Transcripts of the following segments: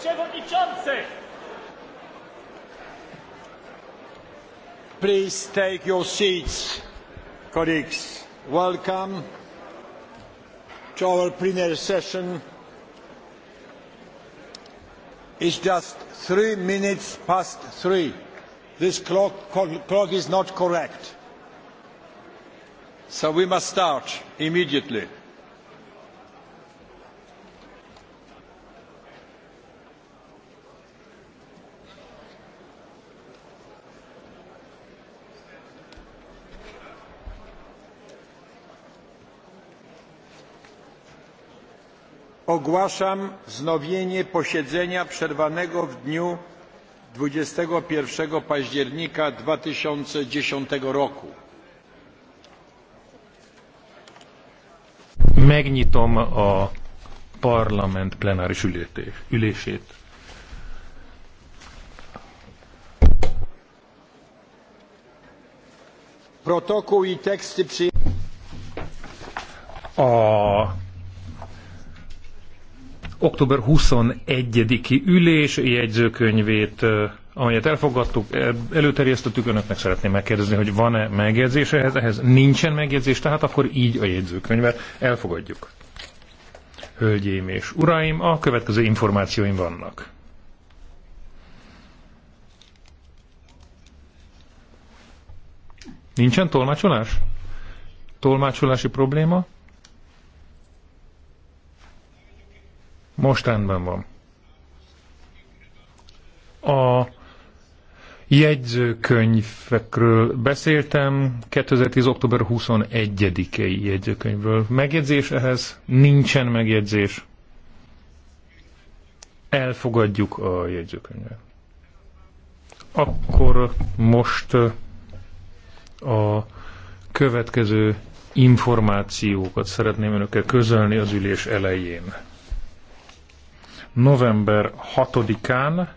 Przewodniczący! Please take your seats, colleagues. Welcome to our plenary session. It's just three minutes past three. This clock, clock is not correct. So we must start immediately. Ogłaszam wznowienie posiedzenia przerwanego w dniu dwadzieścia jeden października dwa tysiące dziesięć roku. Megnyitom a parlament plenáris ülését. Protokoll i teksty przyjęte. A október 21-i ülés jegyzőkönyvét, amelyet elfogadtuk, előterjesztettük, önöknek szeretném megkérdezni, hogy van-e megjegyzés ehhez, ehhez nincsen megjegyzés, tehát akkor így a jegyzőkönyvet elfogadjuk. Hölgyeim és uraim, a következő információim vannak. Nincsen tolmácsolás? Tolmácsolási probléma? Most rendben van. A jegyzőkönyvekről beszéltem, 2010. október 21-i jegyzőkönyvről. Megjegyzés ehhez? Nincsen megjegyzés. Elfogadjuk a jegyzőkönyvet. Akkor most a következő információkat szeretném önökkel közölni az ülés elején november 6-án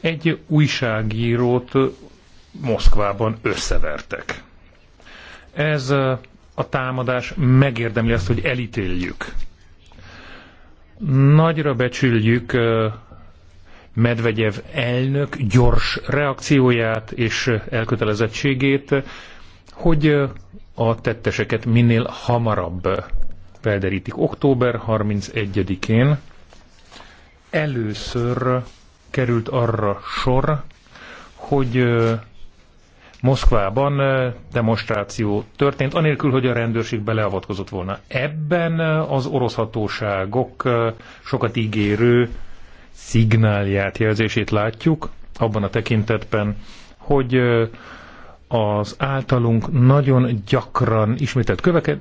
egy újságírót Moszkvában összevertek. Ez a támadás megérdemli azt, hogy elítéljük. Nagyra becsüljük Medvegyev elnök gyors reakcióját és elkötelezettségét, hogy a tetteseket minél hamarabb felderítik. Október 31-én először került arra sor, hogy Moszkvában demonstráció történt, anélkül, hogy a rendőrség beleavatkozott volna. Ebben az orosz hatóságok sokat ígérő szignálját, jelzését látjuk, abban a tekintetben, hogy az általunk nagyon gyakran ismételt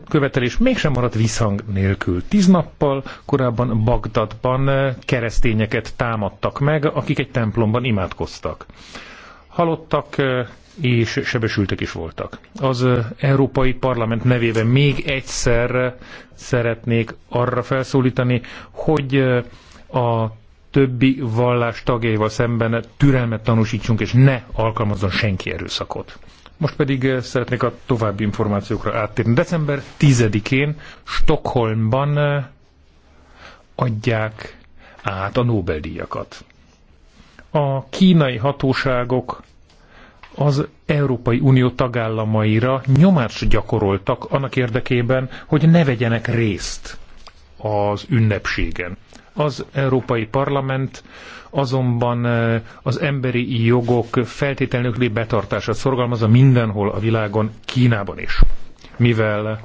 követelés mégsem maradt visszhang nélkül. Tíz nappal korábban Bagdadban eh, keresztényeket támadtak meg, akik egy templomban imádkoztak. Halottak eh, és sebesültek is voltak. Az eh, Európai Parlament nevében még egyszer szeretnék arra felszólítani, hogy a többi vallás tagjaival szemben türelmet tanúsítsunk, és ne alkalmazzon senki erőszakot. Most pedig eh, szeretnék a további információkra áttérni. December 10-én Stockholmban eh, adják át a Nobel-díjakat. A kínai hatóságok az Európai Unió tagállamaira nyomást gyakoroltak annak érdekében, hogy ne vegyenek részt az ünnepségen. Az Európai Parlament azonban e, az emberi jogok feltételnökli betartását szorgalmazza mindenhol a világon, Kínában is. Mivel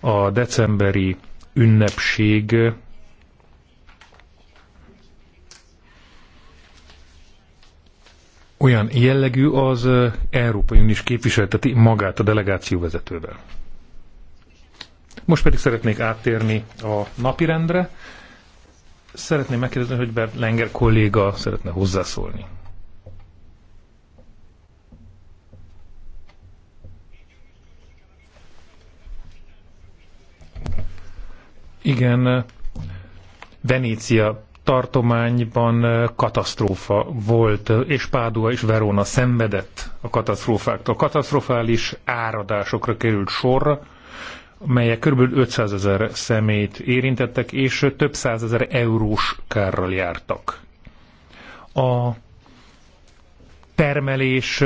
a decemberi ünnepség olyan jellegű, az e, Európai Unió is képviselteti magát a delegáció vezetővel. Most pedig szeretnék áttérni a napirendre. Szeretném megkérdezni, hogy Lenger kolléga szeretne hozzászólni. Igen, Venécia tartományban eh, katasztrófa volt, eh, és Pádua és Verona szenvedett a katasztrófáktól. Katasztrofális áradásokra került sorra melyek kb. 500 ezer szemét érintettek, és több százezer eurós kárral jártak. A termelés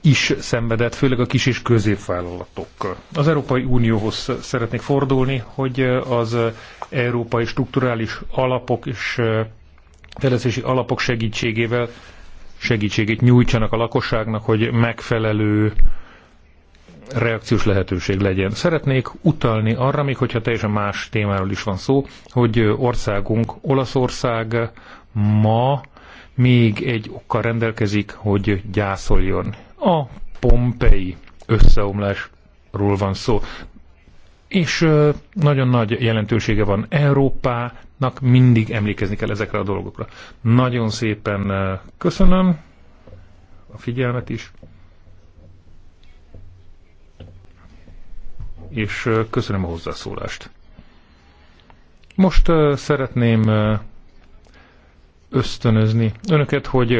is szenvedett, főleg a kis és középvállalatok. Az Európai Unióhoz szeretnék fordulni, hogy az európai strukturális alapok és fejlesztési alapok segítségével segítségét nyújtsanak a lakosságnak, hogy megfelelő reakciós lehetőség legyen. Szeretnék utalni arra, még hogyha teljesen más témáról is van szó, hogy országunk, Olaszország ma még egy okkal rendelkezik, hogy gyászoljon. A Pompei összeomlásról van szó. És nagyon nagy jelentősége van Európának, mindig emlékezni kell ezekre a dolgokra. Nagyon szépen köszönöm a figyelmet is. és köszönöm a hozzászólást. Most szeretném ösztönözni önöket, hogy